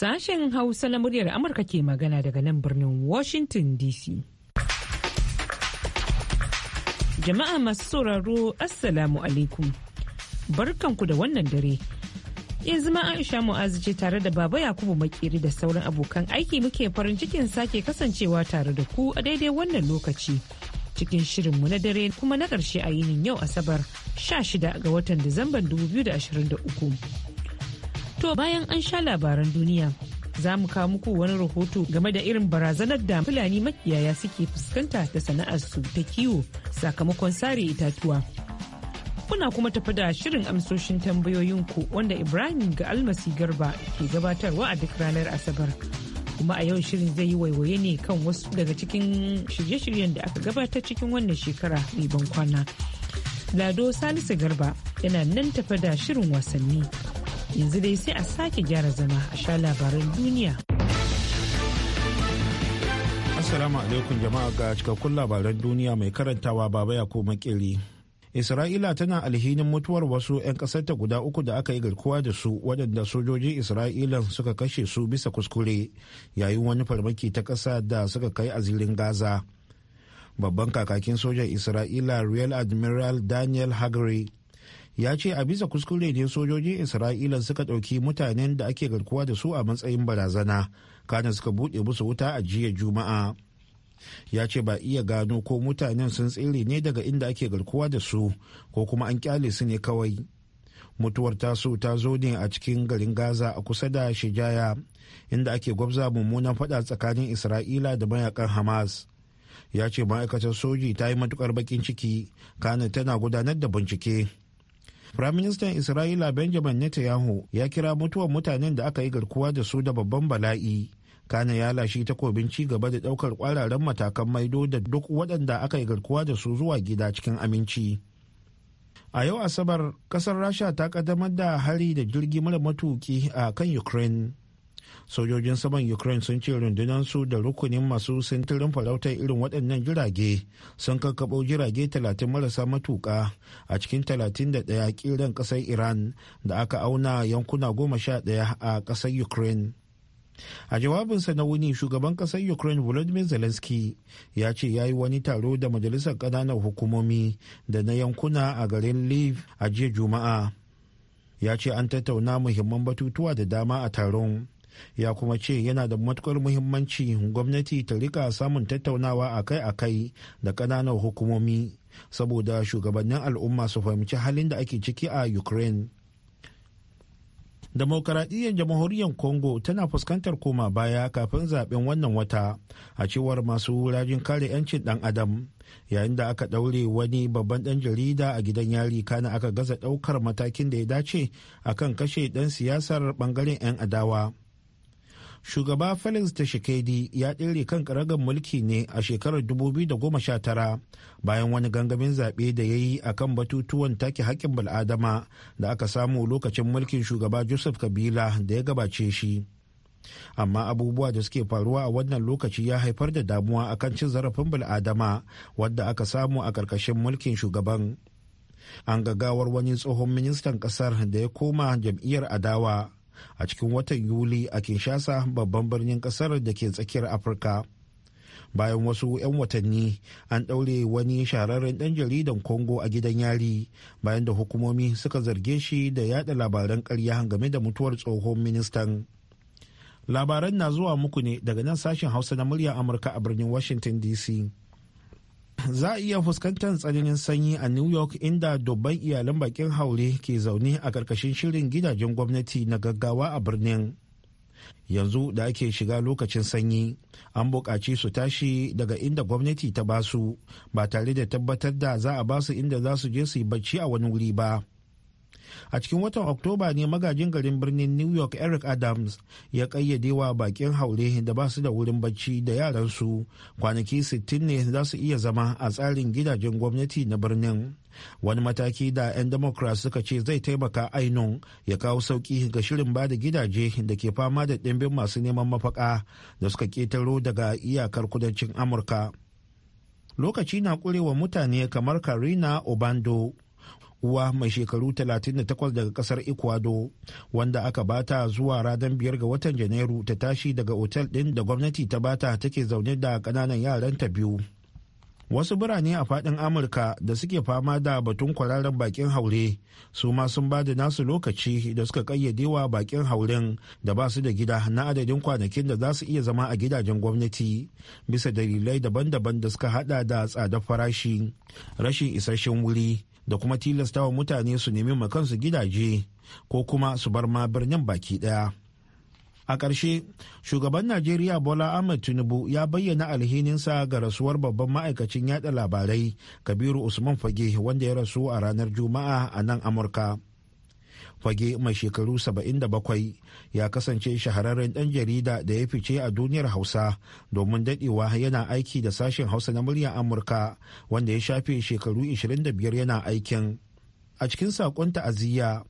Sashen Hausa na muryar Amurka ke magana daga nan birnin Washington DC. Jama'a masu sauraro Assalamu alaikum. Barkanku da wannan dare. Yanzu ma Aisha Mu'azu ce tare da Baba Yakubu Makeri da sauran abokan aiki muke farin cikin sake kasancewa tare da ku a daidai wannan lokaci. cikin shirinmu na dare kuma na ƙarshe a yinin yau asabar 16 ga watan disamban 2023 To bayan an sha labaran duniya. Za mu kawo muku wani rahoto game da irin barazanar da Fulani makiyaya suke fuskanta da sana'arsu ta kiwo sakamakon sare itatuwa. Kuna kuma tafi da shirin amsoshin tambayoyinku wanda Ibrahim ga almasi garba ke gabatarwa a duk ranar Asabar. kuma a yau shirin zai yi waiwaye ne kan wasu daga cikin shirye-shiryen da aka gabatar cikin wannan shekara mai ban kwana. Lado Salisu Garba yana nan tafi da shirin wasanni yanzu dai sai a sake gyara zama a sha labaran duniya. Assalamu alaikum jama'a ga cikakkun labaran duniya mai karantawa baba ya koma kiri. Isra'ila tana alhinin mutuwar wasu 'yan ƙasarta guda uku da aka yi garkuwa da su waɗanda sojojin Isra'ila suka kashe su bisa kuskure yayin wani farmaki ta ƙasa da suka kai a zirin Gaza. Babban kakakin sojan Isra'ila Real Admiral Daniel Hagari ya ce a bisa kuskure ne sojojin isra'ila suka ɗauki mutanen da ake garkuwa da su a matsayin barazana kana suka buɗe musu wuta a jiya juma'a ya ce ba iya gano ko mutanen sun tsere ne daga inda ake garkuwa da su ko kuma an kyale su ne kawai mutuwar tasu ta zo ne a cikin garin gaza a kusa da shijaya inda ake gwabza mummunan fada tsakanin isra'ila da mayakan hamas ya ce ma'aikatar soji ta yi matukar bakin ciki kana tana gudanar da bincike Firaministan Isra'ila Benjamin Netanyahu ya kira mutuwar mutanen da aka yi garkuwa da su da babban bala'i. Kana ya lashe takobin ci gaba da ɗaukar ƙwararren matakan maido da duk waɗanda aka yi garkuwa da su zuwa gida cikin aminci. A yau Asabar, ƙasar Rasha ta ƙaddamar da hari da jirgi mara matuki a kan Ukraine. sojojin saman ukraine sun ce rundunar su da rukunin masu sintirin farautar irin waɗannan jirage sun kakkaɓo jirage 30 marasa matuƙa a cikin 31 ƙiran ƙasar iran da aka auna yankuna 11 a ƙasar ukraine a jawabinsa na wuni shugaban kasar ukraine volodymyr zelensky ya ce ya yi wani taro da majalisar ƙananan hukumomi da na yankuna a garin liv a jiya juma'a ya ce an tattauna muhimman batutuwa da dama a taron ya kuma ce yana da matukar muhimmanci gwamnati ta rika samun tattaunawa akai-akai da kananan hukumomi saboda shugabannin al'umma su fahimci halin da ake ciki a ukraine demokaradiyyar jamhuriyar congo tana fuskantar koma baya kafin zaben wannan wata a cewar masu rajin kare 'yancin dan adam yayin da aka daure wani babban dan jarida a gidan yari kana aka gaza daukar matakin da ya dace akan kashe dan siyasar bangaren 'yan adawa shugaba felix shekedi ya tsere kan karagar mulki ne a shekarar 2019 bayan wani gangamin zaɓe da ya yi a kan batutuwan take haƙƙin bal'adama da aka samu lokacin mulkin shugaba joseph kabila da ya gabace shi amma abubuwa da suke faruwa a wannan lokaci ya haifar da damuwa a kan cin zarafin bil'adama wadda aka samu a ƙarƙashin mulkin shugaban an gagawar wani tsohon ministan ƙasar da ya koma jam'iyyar adawa a cikin watan yuli a kinshasa babban birnin kasar da ke tsakiyar afirka bayan wasu 'yan watanni an ɗaure wani shahararren ɗan jaridan congo a gidan yari bayan da hukumomi suka zarge shi da yada labaran karya game da mutuwar tsohon ministan labaran na zuwa muku ne daga nan sashen hausa na murya amurka a birnin washington dc za a iya fuskantar tsananin sanyi a new york inda dubban iyalan bakin haure ke zaune a karkashin shirin gidajen gwamnati na gaggawa a birnin yanzu da ake shiga lokacin sanyi an buƙaci su tashi daga inda gwamnati ta basu ba tare da tabbatar da za a basu inda za su je su yi bacci a wani wuri ba a cikin watan oktoba ne magajin garin birnin new york eric adams ya kayyade wa bakin haure da ba su da wurin bacci da yaransu kwanaki 60 ne za su iya zama a tsarin gidajen gwamnati na birnin wani mataki da 'yan democrat suka ce zai taimaka ainun ya kawo sauki ga shirin ba da gidaje da ke fama da ɗimbin masu neman mafaka da suka ketaro daga iyakar kudancin amurka lokaci na ƙurewa mutane kamar karina obando uwa mai shekaru 38 daga kasar ecuador wanda aka bata zuwa radan biyar ga watan janairu ta tashi daga otel din da gwamnati ta bata take zaune da kananan yaran ta biyu wasu birane a fadin amurka da suke fama da batun kwararren bakin haure su ma sun ba da nasu lokaci da suka kayyade wa bakin hauren da ba su da gida na adadin kwanakin da za su iya zama a gidajen gwamnati bisa dalilai daban-daban da suka hada da tsadar farashi rashin isasshen wuri da kuma tilastawa mutane su nemi kansu gidaje ko kuma su bar ma birnin baki daya a ƙarshe shugaban najeriya bola ahmed tinubu ya bayyana alhininsa ga rasuwar babban ma'aikacin yaɗa labarai kabiru usman fage wanda ya rasu a ranar juma'a a nan amurka fage mai shekaru 77 ya kasance shahararren dan jarida da ya fice a duniyar hausa domin dadewa yana aiki da sashen hausa na muryar amurka wanda ya shafe shekaru 25 yana aikin a cikin saƙon ta'aziyya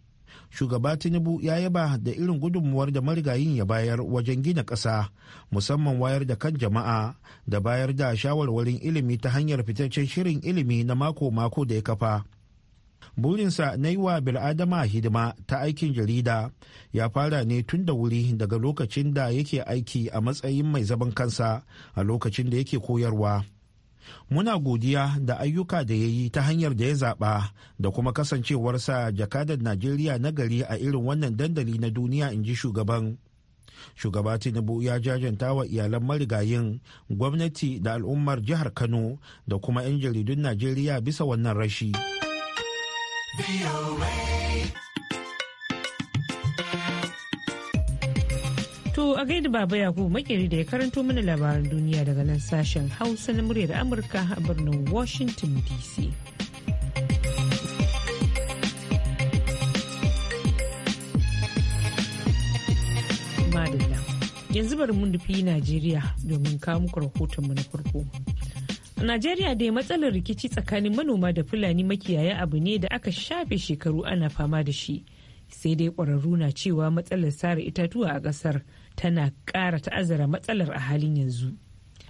shugaba tinubu ya yaba da irin gudunmuwar da marigayin ya bayar wajen gina ƙasa musamman wayar da kan jama'a da bayar da shawarwarin ilimi ta hanyar fitaccen shirin ilimi na mako-mako da ya kafa burinsa na yi wa bil'adama hidima ta aikin jarida ya fara ne tun da wuri daga lokacin da yake aiki a matsayin mai zaman kansa a lokacin da yake koyarwa muna godiya da ayyuka da ya yi ta hanyar da ya zaɓa da kuma kasancewarsa jakadar najeriya na gari a irin wannan dandali na duniya in ji shugaban shugaba tinubu ya jajanta wa iyalan marigayin gwamnati da al'ummar jihar kano da kuma 'yan jaridun najeriya bisa wannan rashi. To a gaida Baba Yakubu makeri da ya karanto mana labaran duniya daga nan sashen Hausa na muryar Amurka a birnin Washington DC. Madalla, yanzu bari mun nufi Najeriya domin kawo muku rahotonmu na farko. Najeriya dai matsalar rikici tsakanin manoma da Fulani makiyaya abu ne da aka shafe shekaru ana fama da shi. Sai dai ƙwararru na cewa matsalar sare itatuwa a ƙasar tana ƙara ta'azzara matsalar a halin yanzu.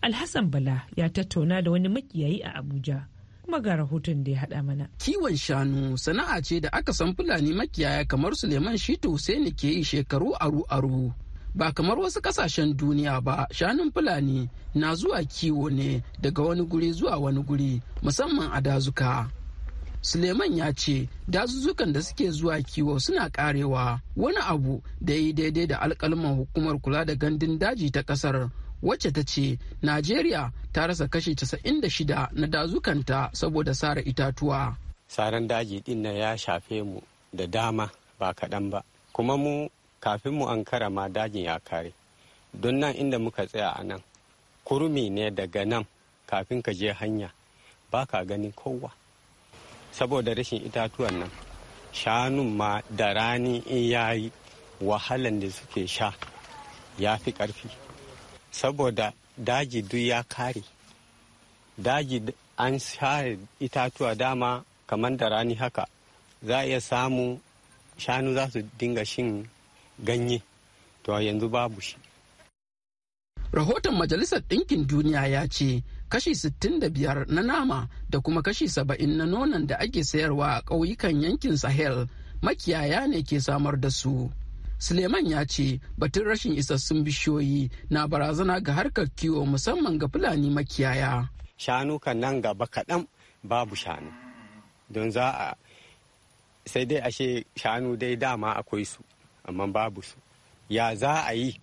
Alhassan Bala ya tattauna da wani makiyayi a Abuja. kuma ga rahoton da ya haɗa mana. Kiwon shanu sana'a ce da aka san Fulani makiyaya kamar Suleiman Shitu Hussaini ke yi shekaru aru-aru. ba kamar wasu kasashen duniya ba shanun fulani na zuwa kiwo ne daga wani guri zuwa wani guri musamman a dazuka suleiman ya ce dazuzzukan da suke zuwa kiwo suna karewa wani abu da yi daidai da alkalman hukumar kula da gandun daji ta kasar wacce ta ce najeriya ta rasa kashi 96 na dazukanta saboda sare itatuwa saran daji din ya shafe mu da dama ba kaɗan ba kuma mu kafin mu an ma dajin ya kare don nan inda muka tsaya a nan kurmi ne daga nan kafin ka je hanya ba ka gani kowa saboda rashin itatuwan nan shanun ma da rani in yayi wahalan da suke sha ya fi ƙarfi saboda daji duk ya kare daji an share itatuwa dama kamar da rani haka za a iya samu shanu za su dinga shin ganye to yanzu babu shi rahoton majalisar ɗinkin duniya ya ce kashi sittin da biyar na nama da kuma kashi saba'in na nonon da ake sayarwa a ƙauyukan yankin sahel makiyaya ne ke samar da su suleiman ya ce batun rashin isassun bishiyoyi na barazana ga harkar kiwo musamman ga fulani makiyaya shanu kan nan gaba kaɗan babu shanu don za a sai dai ashe shanu dai dama akwai su amma babu su ya za a yi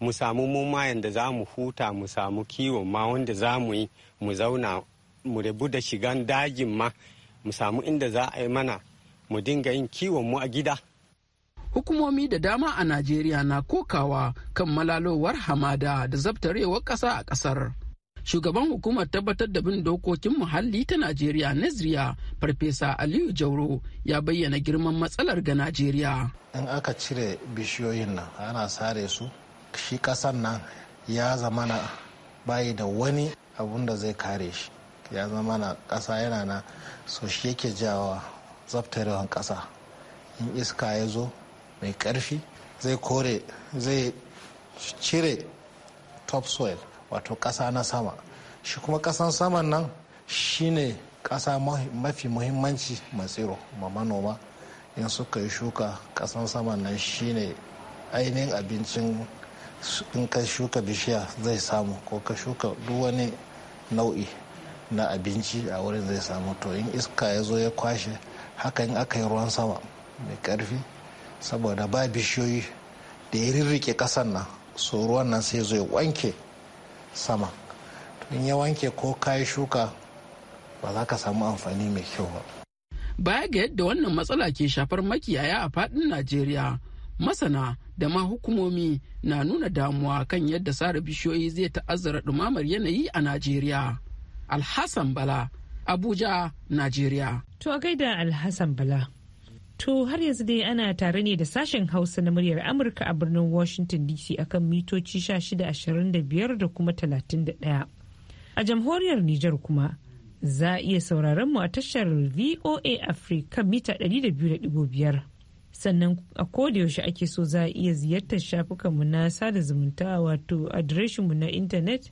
mu samu mu da za mu huta mu samu kiwon ma wanda za mu yi mu zauna mu rabu da shigan dajin ma mu samu inda za a yi mana mu dinga yin kiwon mu a gida hukumomi da dama a najeriya na kokawa kan malalowar hamada da zabtarewar ƙasa a ƙasar shugaban hukumar tabbatar da bin dokokin muhalli ta najeriya nazriya farfesa aliyu jauro ya bayyana girman matsalar ga najeriya in aka cire bishiyoyin nan ana sare su shi kasan nan ya zama na bayi da wani abun da zai kare shi ya zama na kasa yana na so shi yake jawa tsaftarewan kasa. in iska ya zo mai ƙarfi zai kore zai cire topsoil wato ƙasa na sama shi kuma ƙasan saman nan shine ƙasa mafi muhimmanci matsiro ma manoma in suka yi shuka ƙasan saman nan shine ainihin abincin in ka shuka bishiya zai samu ko ka shuka duk wani nau'i na abinci a wurin zai samu to in iska ya zo ya kwashe haka in aka yi ruwan sama mai karfi saboda ba bishiyoyi da ya rirrike kasan nan so ruwan nan sai zo ya wanke sama in ya wanke ko kayi shuka ba za ka samu amfani mai kyau ba baya ga yadda wannan matsala ke shafar makiyaya a fadin najeriya masana da ma hukumomi na nuna damuwa kan yadda sare bishiyoyi zai ta'azzara ɗumamar yanayi a najeriya alhassan bala abuja najeriya to gaida alhassan bala To har yanzu dai ana tare ne da sashen Hausa na muryar Amurka a birnin Washington DC akan mitoci 1625 da biyar da kuma talatin da 31. A jamhuriyar Nijar kuma za a iya sauraron mu a tashar VOA Africa mita biyar Sannan a kodayaushe ake so za a iya ziyartar shafukanmu na sada zumunta wato adireshinmu na intanet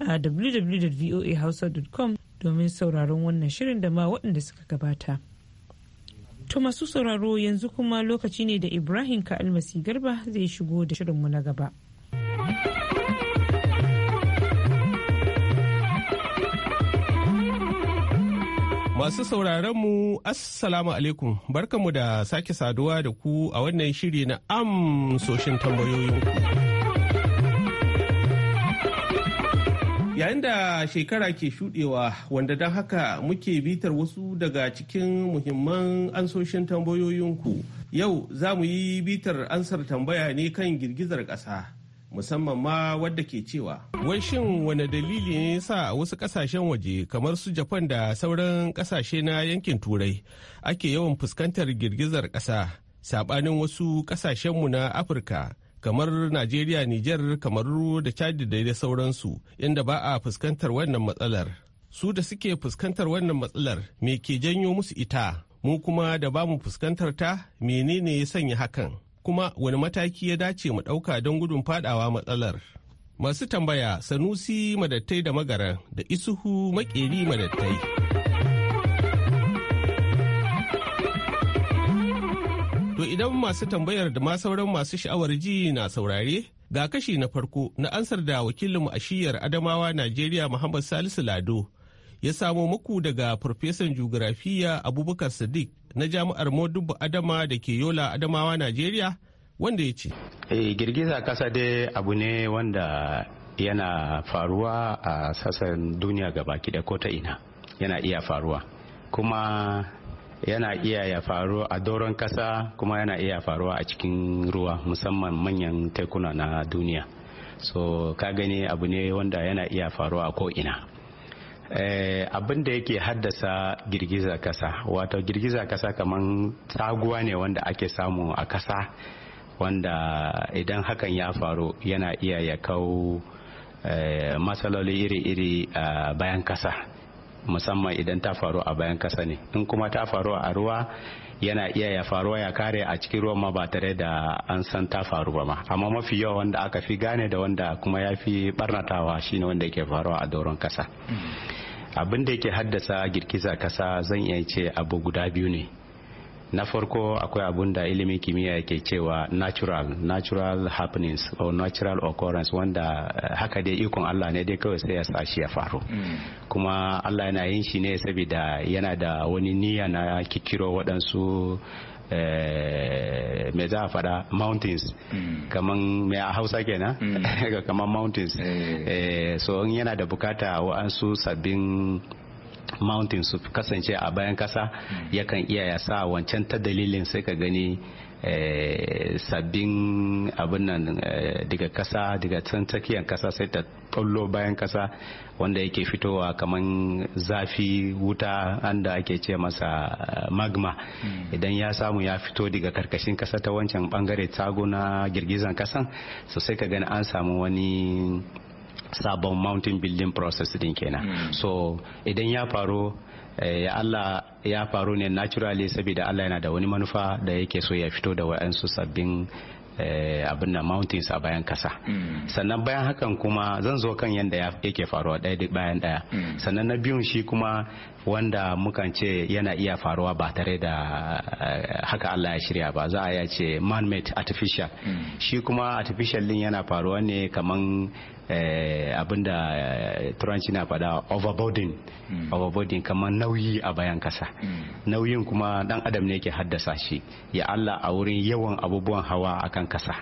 a www.voahausa.com domin sauraron wannan shirin da ma waɗanda suka gabata. To masu sauraro yanzu kuma lokaci ne da Ibrahim ka almasi garba zai shigo da shirinmu na gaba. Masu sauraron mu Assalamu alaikum barkamu da sake saduwa da ku a wannan shiri na amsoshin tambayoyinku. Yayin da shekara ke shudewa wanda don haka muke bitar wasu daga cikin muhimman ansoshin tambayoyinku yau za mu yi bitar ansar tambaya ne kan girgizar ƙasa. musamman ma wadda ke cewa. Wai shin wane dalili ne sa wasu kasashen waje kamar su Japan da sauran kasashe na yankin Turai ake yawan fuskantar girgizar ƙasa saɓanin wasu kasashenmu na Afirka kamar Najeriya, Nijar, Kamaru da Chad da dai sauransu inda ba a fuskantar wannan matsalar. Su da suke fuskantar wannan matsalar me ke janyo musu ita, mu kuma da ba mu fuskantar ta menene ya sanya hakan, kuma wani mataki ya dace mu ɗauka don gudun fadawa matsalar. Masu tambaya Sanusi madattai da magaran da Isuhu makeri madattai. To idan masu tambayar da ma sauran masu sha'awar ji na saurare ga kashi na farko na ansar da wakilinmu a shiyar Adamawa Najeriya Muhammad Salisu Lado ya samo muku daga Farfesan Jugurafiya Abubakar Sadiq na Jami'ar Modubu Adama da ke Yola Adamawa Najeriya wanda ya ce. Eh, girgiza kasa dai abu ne wanda yana faruwa a sassan duniya gaba da ko ta ina yana iya faruwa kuma yana mm. iya ya faru a doron kasa kuma yana iya faruwa a cikin ruwa musamman manyan tekuna na duniya so ka gani abu ne wanda yana iya faruwa a ko'ina eh, abin da yake haddasa girgiza kasa wato girgiza kasa kamar tsaguwa ne wanda ake samu a kasa wanda idan hakan ya faru yana iya ya kawo eh, matsaloli iri-iri a bayan kasa musamman idan ta faru a bayan kasa ne in kuma ta faru a ruwa yana iya ya faruwa ya kare a cikin ruwan ma ba tare da an san ta faru ba ma amma mafi yawa wanda aka fi gane da wanda kuma ya fi barnatawa shine wanda yake faruwa a doron kasa hmm. abin da yake haddasa girgiza kasa zan iya ce abu guda biyu ne na farko akwai abun da ilimin kimiyya yake cewa natural natural happenings or natural occurrence wanda eh, haka dai ikon Allah ne dai kawai sai ya sa shi ya faru mm. kuma Allah yana yin shi ne saboda yana da wani niyya na kikiro waɗansu eh, me za a faɗa mountains mm. kaman me a hausa kenan mm. kaman mountains eh. so yana da bukata wa'ansu sabbin mountain su kasance a bayan kasa yakan iya ya sa wancan ta dalilin sai ka gani eh, sabbin abin nan eh, daga kasa daga can tsakiyar kasa sai ta tollo bayan kasa wanda yake fitowa kamar zafi wuta anda ake ce masa eh, magma hmm. idan ya samu ya fito daga karkashin kasa ta wancan bangare tsago na girgizan kasan so sai ka gani an samu wani sabon mountain building process din kenan hmm. so idan ya faru eh, ya Allah ya faru ne naturally saboda Allah yana da wani manufa da yake so ya fito da wa'ansu sabbin eh, abin na mountains a bayan kasa hmm. sannan bayan hakan kuma zan zo kan yadda yake faruwa ɗaya duk bayan ɗaya hmm. sannan na biyun shi kuma wanda mukan ce yana iya faruwa ba tare da eh, haka Allah ya shirya ba za a ya ce man-made artificial shi kuma artificial din yana faruwa ne kaman Eh, abinda eh, turanci na fada overboarding hmm. overboarding kamar nauyi a bayan kasa hmm. nauyin kuma dan adam ne yake haddasa shi ya Allah a wurin yawan abubuwan hawa akan kasa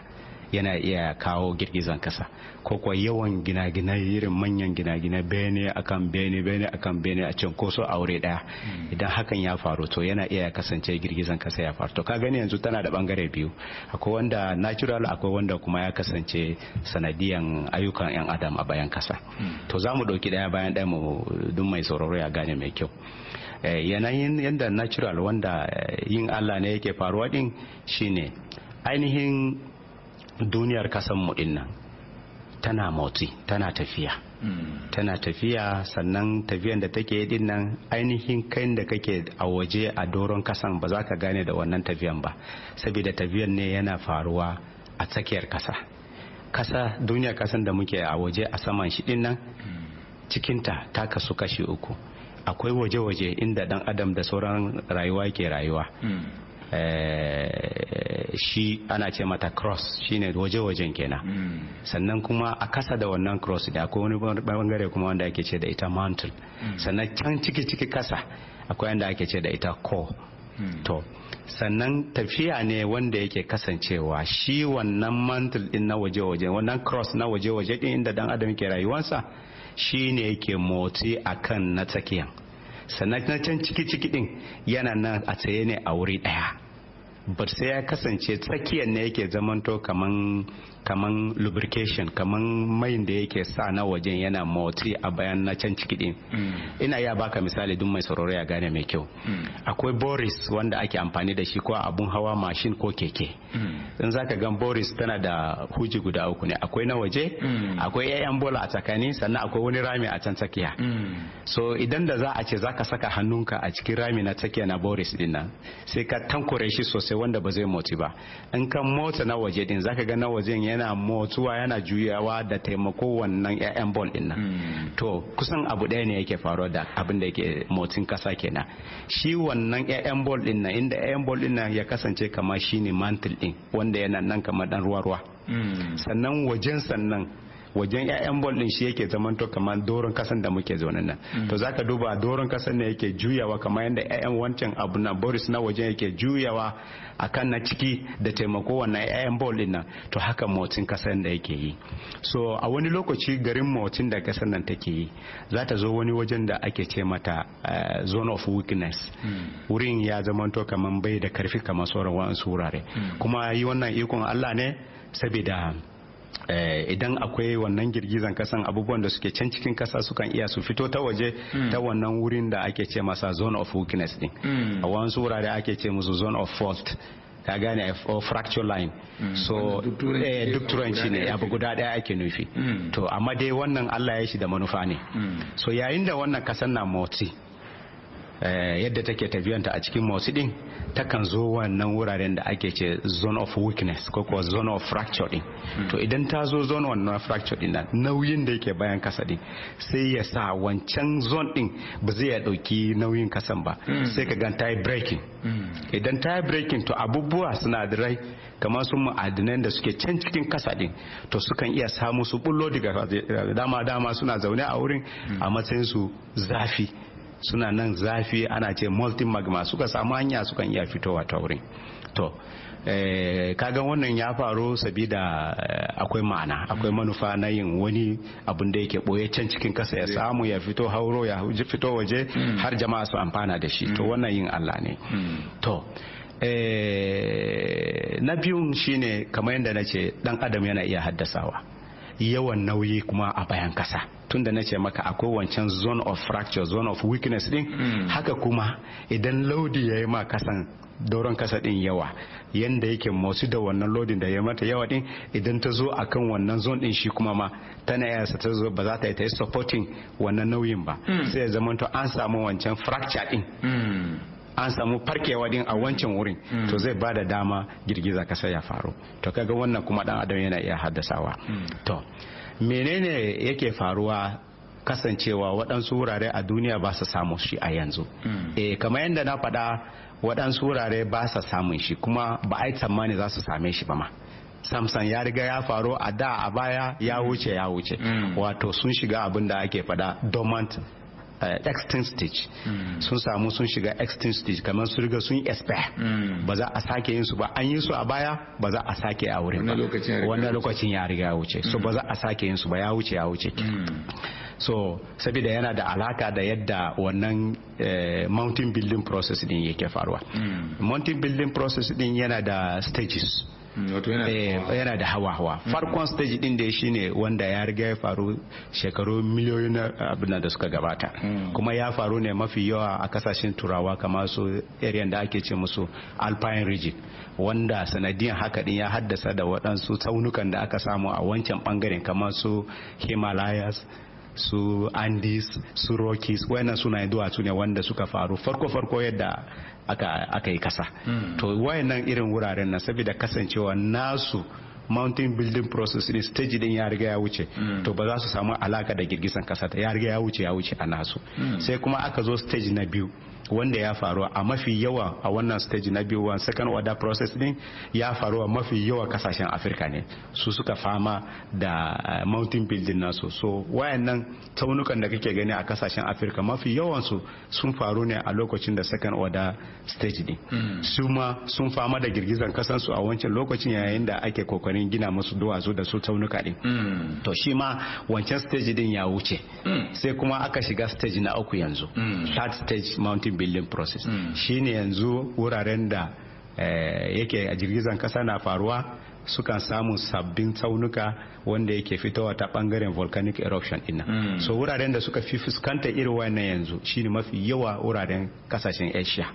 yana iya kawo girgizan kasa ko kuwa yawan gina-gina irin manyan gina-gina bene akan bene bene akan bene a can ko so aure daya hmm. idan hakan ya faru to yana iya kasance girgizan kasa ya faru to ka gani yanzu tana da bangare biyu akwai wanda natural akwai wanda kuma ya kasance sanadiyan ayyukan yan adam a bayan kasa hmm. to za mu ɗauki daya bayan daya mu duk mai sauraro ya gane mai kyau eh, yanayin yanda natural wanda eh, yin allah ne yake faruwa din shine ainihin duniyar kasan din nan tana motsi tana tafiya hmm. tana tafiya sannan tafiyan da take din nan ainihin kai da kake a waje a doron kasan ba za ka gane da wannan tafiyan ba saboda tafiyan ne yana faruwa a tsakiyar kasa kasa duniyar kasan da muke a waje a saman shi din hmm. cikinta ta kasu kashi uku akwai waje-waje inda dan adam da sauran rayuwa ke rayuwa hmm. Eh, shi ana ce mata cross shine waje-wajen kenan mm. sannan kuma a kasa da wannan cross da akwai wani bangare kuma wanda ake ce da ita mantle mm. sannan can ciki-ciki kasa akwai wanda ake ce da ita core mm. to sannan tafiya ne wanda yake kasancewa shi wannan mantle din na waje-waje wannan cross na waje-waje din inda dan adam ke rayuwansa shi ne yake motsi akan na tsakiyan sannan can ciki ciki din yana nan a tsaye ne a wuri daya but sai ya kasance tsakiyar ne yake zamanto kaman kaman lubrication kaman mai da yake sa na wajen yana motsi a bayan na can ciki din mm. ina iya baka misali duk mai sauraro ya gane mai kyau mm. akwai boris wanda ake amfani da shi ko abun hawa mashin ko keke mm. in zaka gan boris tana da huji guda uku ne akwai na waje akwai yayan bola a tsakani sannan akwai wani rami a can tsakiya so idan da za a ce zaka saka hannunka a cikin rami na tsakiya na boris din nan sai ka tankure shi sosai sai wanda ba zai motsi ba in kan motsa na waje din zaka ga na wajen yana motsuwa yana juyawa da taimako wannan ƴaƴan ball din nan hmm. to kusan abu ɗaya ne yake faruwa da abin da yake motsin kasa kenan shi wannan ƴaƴan ball din nan inda ƴaƴan ball din nan ya kasance kamar shine mantle din wanda yana nan kamar dan ruwa-ruwa hmm. sannan wajen sannan wajen 'ya'yan ball din shi yake to kamar doron kasan da muke zaune nan mm. to zaka duba doron kasan ne yake juyawa kamar yadda 'ya'yan wancan abu na boris na wajen yake juyawa a kan na ciki da taimako wannan 'ya'yan ball din nan to haka motsin kasan da yake yi so a wani lokaci garin motsin da kasan nan take yi za ta zo wani wajen da ake ce mata uh, zone of weakness mm. wurin ya zamanto kamar bai da karfi kamar sauran wa'ansu wurare mm. kuma yi wannan ikon allah ne saboda Eh, idan akwai wannan girgizan kasan abubuwan da suke can cikin kasa sukan iya su fito ta waje hmm. ta wannan wurin da ake ce masa zone of weakness din hmm. a wasu wurare ake ce musu zone of fault ka gane a fracture line hmm. so duk turanci eh, ne abu guda daya ake nufi to amma dai wannan allah ya shi da manufa ne so yayin da wannan kasan na motsi Eh, yadda take tafiyanta a cikin masu din takan zo wannan wuraren da ake ce zone of weakness ko kuwa zone of fracture din hmm. to idan ta zo zone wannan fracture din nauyin da yake bayan kasa din sai ya sa wancan zone din ba zai ya dauki nauyin kasan ba hmm. sai ka gan ta yi breaking hmm. idan ta yi breaking to abubuwa rai kamar sun ma'adinan da suke can cikin kasa din to sukan iya samu su bullo daga dama dama suna zaune a wurin a matsayin su zafi suna nan zafi ana ce molten magma suka samu hanya sukan iya fitowa ta wurin to eh, kaga wannan ya faru sabida eh, akwai ma'ana akwai manufa na yin wani abin da yake boye can cikin kasa ya samu ya fito hauro ya fito waje hmm. har jama'a su amfana da shi to hmm. wannan yin Allah ne hmm. to eh, na biyun shine kamar yadda na ce dan adam yana iya haddasawa yawan nauyi kuma a bayan kasa tun da na ce maka akwai wancan zone of fracture zone of weakness din hmm. haka kuma idan laudi ya yi ma kasan doron kasa din yawa yanda yake motsi da wannan lodin da ya mata yawa din idan ta zo akan wannan zone din shi kuma ma tana iya ta zo ba za ta yi ta yi supporting wannan nauyin ba hmm. sai ya zama to an samu wancan fracture din hmm. an samu farkewa din a wancan wurin mm. to zai ba da dama girgiza kasa ya faru to kaga wannan kuma dan adam yana iya haddasawa mm. to menene yake faruwa kasancewa waɗansu wurare a duniya ba su samu shi a yanzu mm. eh kamar yadda na faɗa waɗansu wurare ba su samun shi kuma ba a yi tsammani za su same shi ba ma samson ya riga ya faru a da a baya ya wuce ya wuce wato sun shiga abin da ake faɗa dormant extinct stage hmm. sun samu sun shiga extinct stage kamar sun riga sun expire hmm. ba za a sake yin su ba an yi su a baya ba za a sake a wurin ba wannan lokacin ya riga ya wuce so ba za a sake yin su ba ya wuce ya wuce hmm. so saboda yana da alaka da yadda wannan eh, mountain building process din yake faruwa mountain building process din yana da stages Mm, eh, yana da hawa hawa mm. farkon stage din da shine wanda ya riga ya faru shekaru miliyoyin abin da suka gabata mm. kuma ya faru ne mafi yawa a kasashen turawa kamar su area da ake ce musu alpine region wanda sanadiyan haka din ya haddasa da waɗansu tsaunukan da aka samu a wancan bangaren kamar su himalayas su andes su rockies wayannan sunayen duwatsu ne wanda suka faru farko farko yadda aka yi kasa hmm. to nan irin wuraren na saboda kasancewa nasu mountain building process din stage din ya riga ya wuce hmm. to ba za su samu alaka da girgizan kasa ya riga ya wuce ya wuce a nasu hmm. sai kuma aka zo stage na biyu wanda ya faru a mafi yawa a wannan stage na biyu one second order process din ya faru a mafi yawa kasashen afirka ne su suka fama da eh, mountain building nasu so wayannan taunukan da kake gani a kasashen afirka mafi yawansu sun faru ne a lokacin da second order stage din hmm. su ma sun fama da girgizan kasansu a wancan lokacin yayin da ake kokarin gina masu duwatsu da su taunuka din hmm. to shi ma wancan stage din ya wuce hmm. sai kuma aka shiga stage na uku yanzu third stage mountain team building process mm. shine yanzu wuraren da eh, yake a girgizan kasa na faruwa sukan samu sabbin tsaunuka wanda yake fitowa ta bangaren volcanic eruption ina mm. so wuraren da suka fi fuskanta irin wannan yanzu shine mafi yawa wuraren kasashen asia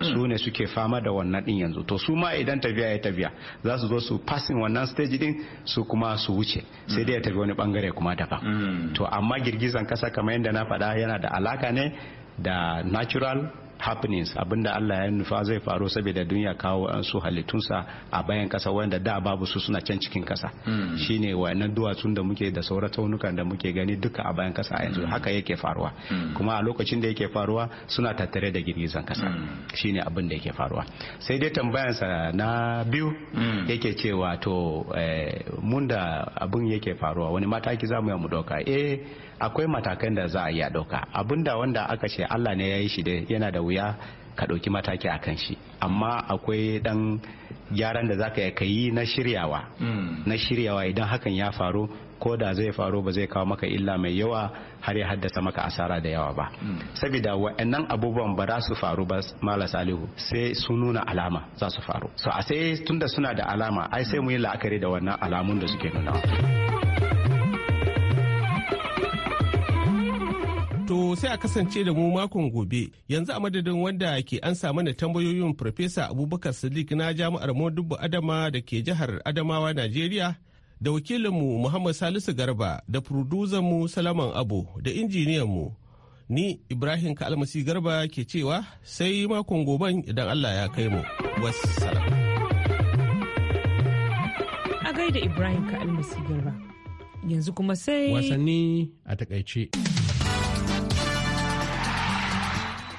mm. su ne suke fama da wannan din yanzu to su ma idan tafiya ya tafiya za su zo su passing wannan stage din su kuma su wuce sai dai ya mm. tafi wani bangare kuma daban to amma girgizan kasa kamar yadda na faɗa yana da alaka ne da natural happenings abinda Allah ya nufa zai faru saboda duniya kawo an su halittunsa a bayan kasa wanda da babu su suna can cikin kasa mm. shine wayannan duwatsun da muke da sauran taunukan da muke gani duka a bayan kasa yanzu hmm. haka yake faruwa hmm. kuma a lokacin da yake faruwa suna tattare da girgizan kasa hmm. shine abin da yake faruwa sai dai tambayansa na biyu yake cewa to eh, mun da abin yake faruwa wani mataki zamu ya mu dauka eh akwai matakan da za a iya ɗauka abinda wanda aka ce allah ne ya yi shi dai yana da wuya ka ɗauki mataki a kan shi amma akwai ɗan gyaran da za ka yi na shiryawa hmm. na shiryawa idan hakan ya faru ko da zai faru ba zai kawo maka illa mai yawa har ya haddasa maka asara da yawa ba hmm. saboda wa'annan abubuwan ba za su faru ba mala salihu sai su nuna alama za su faru so a sai tunda suna da alama ai sai mu yi la'akari da wannan alamun da suke nuna To sai a kasance da mu makon gobe yanzu a madadin wanda ke an da tambayoyin Farfesa Abubakar Sadiq na jami'ar Modubbu Adama da ke jihar Adamawa Najeriya da wakilinmu Muhammad Salisu Garba da mu Salaman Abu da injiniyanmu ni Ibrahim Kalmasi Garba ke cewa sai makon goben idan Allah ya kai mu. Wassalam. A gaida Ibrahim Kalmasi Garba. Yanzu kuma sai wasanni a takaice.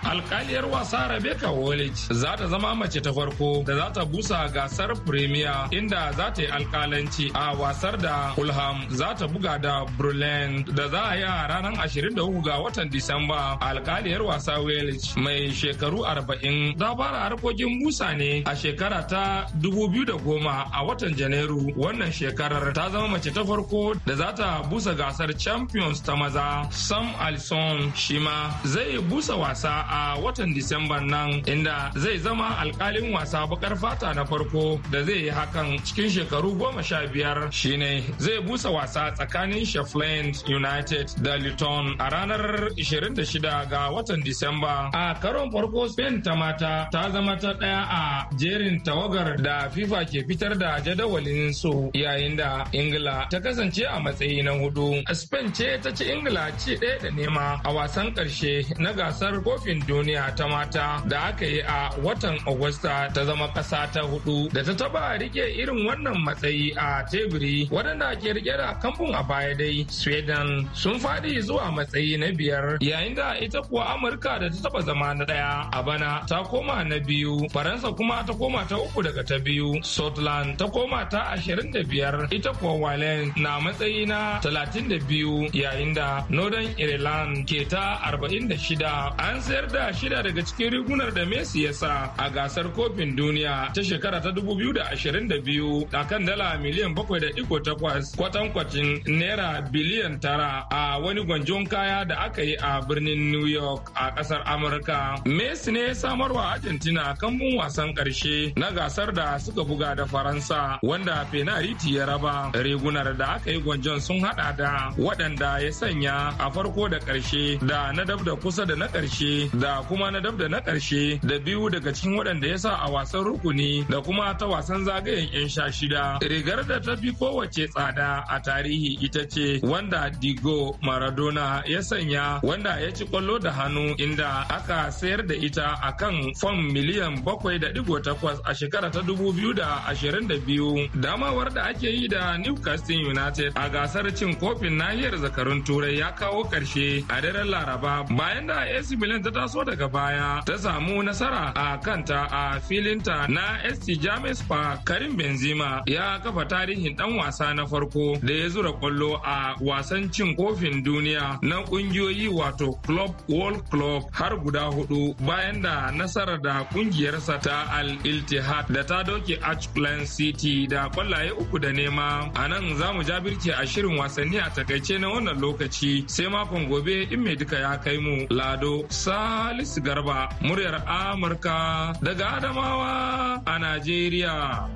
alkaliyar wasa rebecca wolich za ta zama mace ta farko da za ta busa gasar premier inda za ta yi alkalanci a wasar da fulham za ta buga da berlin da za a yi a ranar 23 ga watan disamba alkaliyar wasa wolich mai shekaru 40 ta fara harkokin busa ne a shekara ta 2010 a watan janairu wannan shekarar ta zama mace ta farko da za ta busa gasar champions ta maza sam alison shima zai busa wasa a a watan Disamban nan inda zai zama alkalin wasa bakar fata na farko da zai yi hakan cikin shekaru goma sha biyar shine zai busa wasa tsakanin Sheffield United da Luton a ranar 26 ga watan Disamba. A karon farko Spain ta mata ta zama ta ɗaya a jerin tawagar da FIFA ke fitar da jadawalin su yayin da Ingila ta kasance a matsayi na hudu. Spain ce ta ci Ingila ci ɗaya da nema a wasan ƙarshe na gasar kofin duniya ta mata da aka yi a watan Agusta ta zama ƙasa ta hudu da ta taba rike irin wannan matsayi a teburi waɗanda ke rike da kamfun a baya dai Sweden sun faɗi zuwa matsayi na biyar yayin da ita kuwa Amurka da ta taba zama na ɗaya a bana ta koma na biyu Faransa kuma ta koma ta uku daga ta biyu sotland ta koma ta ashirin da biyar ita kuwa walen na matsayi na talatin da biyu yayin da Northern Ireland ke ta arba'in da shida an sayar da da shida daga cikin rigunar da Messi ya sa a gasar kofin duniya ta shekara ta 2022 a kan dala miliyan 7.8 kwatankwacin naira biliyan tara a wani gwanjon kaya da aka yi a birnin New York a kasar Amurka. Messi ne samarwa Argentina kambun wasan karshe na gasar da suka buga da Faransa wanda Penariti ya raba. Rigunar da aka yi gwanjon sun hada da waɗanda ya sanya a farko da ƙarshe da na dab da kusa da na ƙarshe da da kuma na dab da na ƙarshe da biyu daga cikin waɗanda ya sa a wasan rukuni da kuma ta wasan zagayen 'yan sha shida. Rigar da ta fi kowace tsada a tarihi ita ce wanda Digo Maradona ya sanya wanda ya ci kwallo da hannu inda aka sayar da ita a kan fam miliyan bakwai da digo takwas a shekara ta dubu biyu da ashirin da biyu. Damawar da ake yi da Newcastle United a gasar cin kofin nahiyar zakarun turai ya kawo ƙarshe a daren Laraba bayan da AC Milan ta taso taso daga baya ta samu nasara a kanta a filinta na st James Park Karim Benzema ya kafa tarihin dan wasa na farko da ya zura kwallo a wasan cin kofin duniya na kungiyoyi wato Club World Club har guda hudu bayan da nasara da kungiyarsa ta Al iltihad da ta doke plan City da kwallaye uku da nema a nan za mu jabirce a shirin wasanni a takaice na wannan lokaci sai makon gobe in mai duka ya kai mu Lado sa Salisu Garba, muryar Amurka daga Adamawa a Najeriya.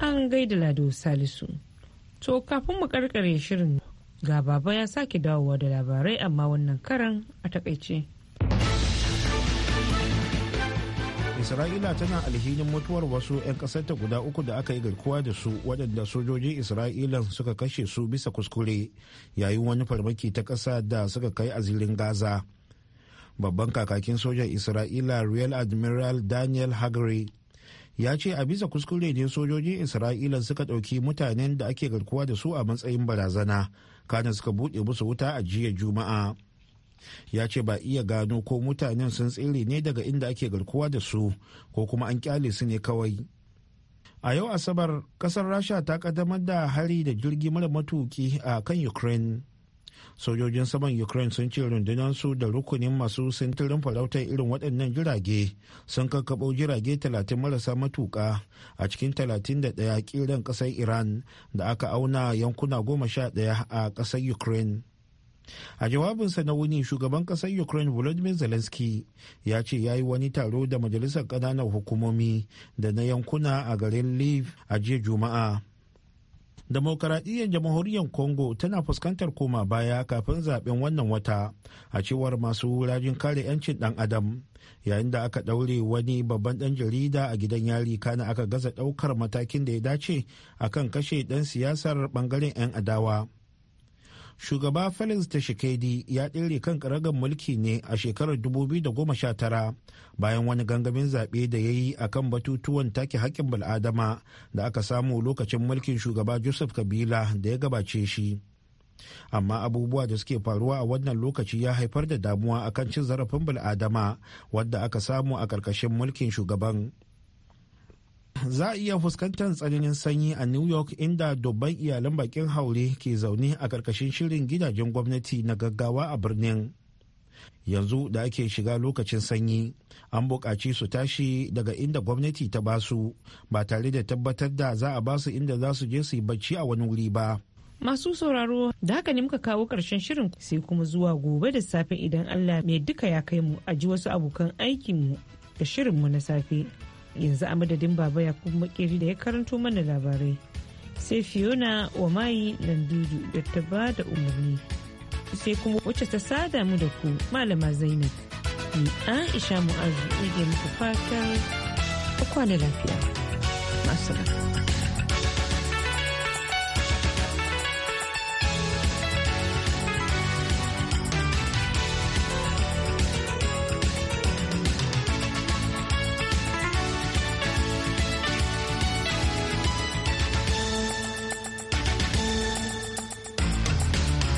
An gaida Lado Salisu. To kafin mu karkare shirin ga baba ya sake dawowa da labarai amma wannan karan a takaice. isra'ila tana alhinin mutuwar wasu 'yan ƙasarta guda uku da aka yi garkuwa da su waɗanda sojojin isra'ila suka kashe su bisa kuskure yayin wani farmaki ta ƙasa da suka kai a zirin gaza babban kakakin sojan isra'ila real admiral daniel hagri ya ce a bisa kuskure ne sojojin isra'ila suka ɗauki mutanen da ake garkuwa da su a matsayin barazana kana suka buɗe musu wuta a jiya juma'a ya ce ba iya gano ko mutanen sun tsere ne daga inda ake garkuwa da su ko kuma an kyale su ne kawai a yau asabar kasar rasha ta kaddamar da hari da jirgi mara matuki a kan ukraine sojojin saman ukraine sun ce rundunar su da rukunin masu sintirin farautar irin waɗannan jirage sun kakkaɓo jirage 30 marasa matuka a cikin 31 ƙiran ƙasar iran da aka auna yankuna 11 a ƙasar ukraine a jawabinsa na wuni shugaban kasar ukraine volodymyr zelensky ya ce ya yi wani taro da majalisar ƙananan hukumomi da na yankuna a garin liv a jiya juma'a demokaradiyyar jamhuriyar congo tana fuskantar koma baya kafin zaben wannan wata a cewar masu rajin kare 'yancin dan adam yayin da aka ɗaure wani babban ɗan jarida a gidan yari kana aka gaza ɗaukar matakin da ya dace akan kashe ɗan siyasar ɓangaren 'yan adawa shugaba felix tashikedi ya tsere kan ƙaragar mulki ne a shekarar 2019 bayan wani gangamin zaɓe da ya yi a kan batutuwan take haƙƙin bal'adama da aka samu lokacin mulkin shugaba joseph kabila da ya gabace shi amma abubuwa da suke faruwa a wannan lokaci ya haifar da damuwa akan cin zarafin bal'adama wadda aka samu a ƙarƙashin mulkin shugaban za a iya fuskantar tsananin sanyi a new york inda dubban iyalan bakin haure ke zaune a ƙarƙashin shirin gidajen gwamnati na gaggawa a birnin yanzu da ake shiga lokacin sanyi an buƙaci su tashi daga inda gwamnati ta basu ba tare da tabbatar da za a basu inda za su je su yi bacci a wani wuri ba masu sauraro da haka ne muka kawo ƙarshen shirin sai kuma zuwa gobe da safe idan allah mai duka ya kai mu a ji wasu abokan aikinmu da shirinmu na safe yanzu a madadin baba ya kuma makeri da ya karanto mana labarai sai fiona mayi landudu da ta ba da umarni sai kuma wacce ta sada mu da ku malama zainab ni aisha mu'azu ne muka fatar kwana lafiya masu